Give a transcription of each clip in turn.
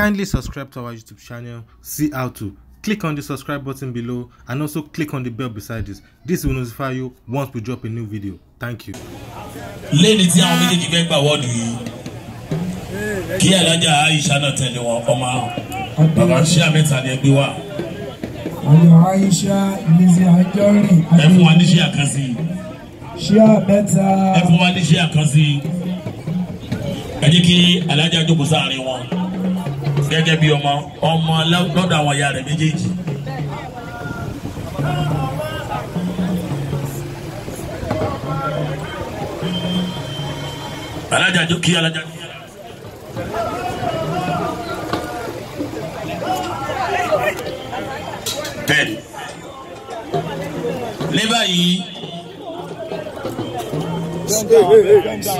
Kindly subscribe to our YouTube channel, see how to. Click on the subscribe button below and also click on the bell beside this. This will notify you once we drop a new video. Thank you. Lẹ́ni tí àwọn méjèèjì fẹ́ gbà wọ́ọ̀dù yìí, kí Alájà Aisha náà tẹ̀lé wọn ọmọ bàbá ṣé àmẹ́ta ni ẹ gbé wá. Àlọ́ Aisha Lizzie Anjorin. Ẹ fún wa ní àkànṣe. Ṣé àmẹ́ta. Ẹ fún wa ní àkànṣe. Ẹ jẹ́ kí Alájà jókòó sáàárín wọn gẹ́gẹ́ bí ọmọ ọmọ lọ́dọ̀ àwọn ìyá rẹ̀ méjèèjì. alájà jó kí alájà jó. bẹ́ẹ̀ni ní báyìí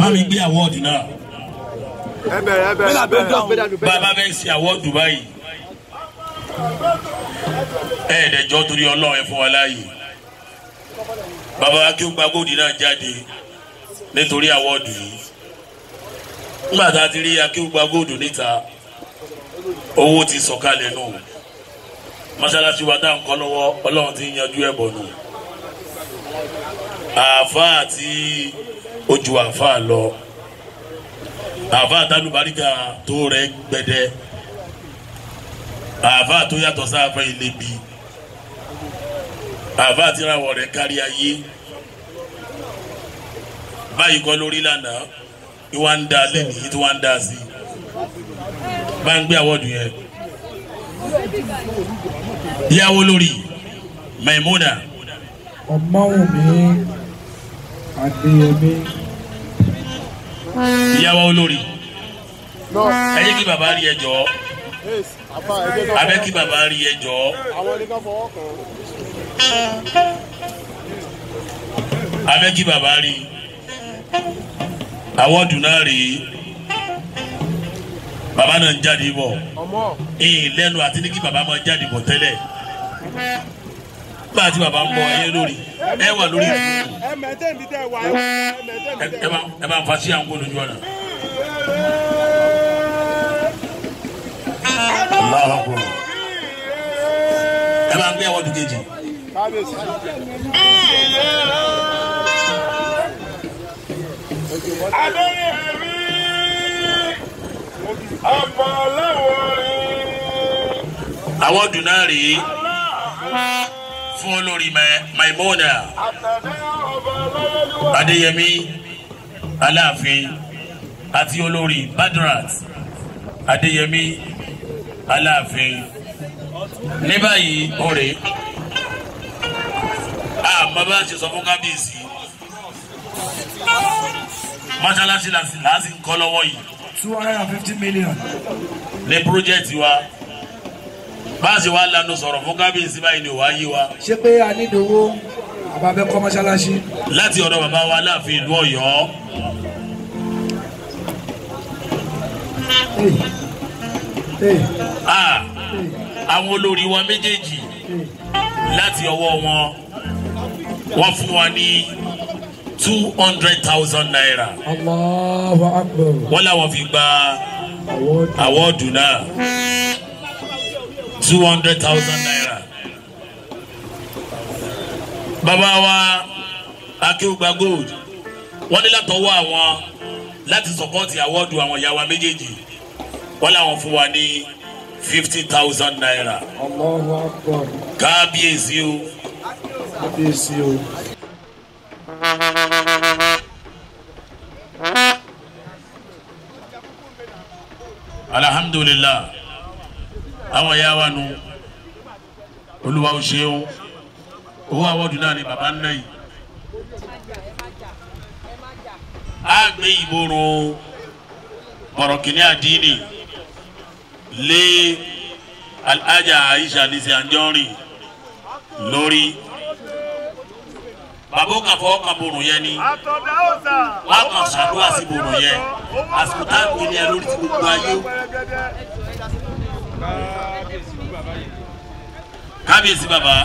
má mi gbé àwọ̀dù náà bàbá bẹ ṣe àwọ Dubai ẹ ẹdẹjọ torí Ọlọ́run ẹ fún wa láàyè bàbá akéwùgbà gòdì náà jáde nítorí àwọdù yìí nígbà tá a ti rí akéwùgbà gòdì níta owó ti sọ̀kalẹ̀ nù mọ́ṣáláṣí wa dá nǹkan lọ́wọ́ Ọlọ́run ti yanjú ẹbọ nù àáfàá àti ojú àáfàá lọ àfa àtàlùbáríkà tó rẹ gbẹdẹ àfa tó yàtọ̀ sáfẹ́ ilé bi àfa àtìràwọ̀ rẹ kárí ayé báyìí kọ́ lórí lánàá ìwà ń da lẹ́nu yìí tí wọ́n ń da sí i bá ń gbé àwọ̀dù yẹn ìyàwó lórí Maimuna. ọmọ wù mí adéyẹmí ìyàwó olórí ẹ jẹ́ kí bàbá rí ẹ jọ abẹ́ kí bàbá rí ẹ jọ. abẹ́ kí bàbá rí àwọ̀dù náà rí Baba náà ń jáde bọ̀ ẹ̀ lẹ́nu àti ní kí bàbá máa jáde bọ̀ tẹ́lẹ̀ bá a ti bàbá ń bọ ẹyẹ lórí ẹ wà lórí ìdúró ẹ bá fa sí àǹkó lójú ọ̀nà. ẹ bá ń gbé ẹwọ́ dùkejì. Adéyẹ̀ rí ọmọ ọlọ́wọ́ rí. Àwọn dùn náà rèé fún olórí Maimuna Adéyẹmí Aláàfin àti olórí Badrat Adéyẹmí Aláàfin ní báyìí òrè àmọ́ bá sọ fún kábíyèsí mọ́ṣáláṣí làásì ń kọ́ lọ́wọ́ yìí. two hundred and fifty million. ní púrójẹ́tì wa báàsì wa lanu sọ̀rọ̀ fún kábíyèsí báyìí ni ò wá yé wa. ṣé pé a ní ìdòwò àbá fẹ́ kọ́ láti ọ̀dọ̀ bàbá wa láàfin ìlú ọ̀yọ́. àwọn olórí wa méjèèjì láti ọwọ́ wọn wọ́n fún wa ní two hundred thousand naira. wọ́n làwọn fi gba àwọ̀dù náà two hundred thousand naira. bàbá wa akéwùgbà gold wọ́n ní látọwọ́ àwọn láti sọ̀pọ́tì àwọ́dù àwọn ìyá wa méjèèjì wọ́n làwọn fún wa ní fifty thousand naira. kábíyèsí o. kábíyèsí o. alhamdulillah àwọn ìyá wa nu olúwa ó ṣeun owó àwọ̀dù náà ni bàbá ń ná yìí a gbé ìborùn bọ̀rọ̀kìnní àdínì lé alhaja aisha nisi anjọrin lórí bàbá ó kà fọwọ́ kan borùn yẹn ni wọ́n kàn ṣàdúrà sí borùn yẹn àsìkò táwọn ènìyàn lórí ti gbogbo ayé kábíyèsí bàbá.